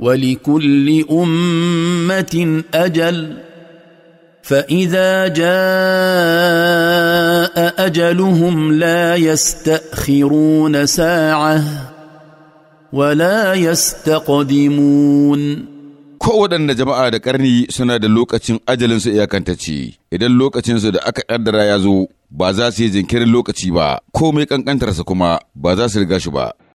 ولكل أمة أجل فإذا جاء أجلهم لا يستأخرون ساعة ولا يستقدمون kowaɗanne jama'a da ƙarni suna da lokacin ajalinsu iyakantacce idan lokacinsu da aka ƙaddara ya zo ba za su yi jinkirin lokaci ba komai ƙanƙantarsa kuma ba za su riga shi ba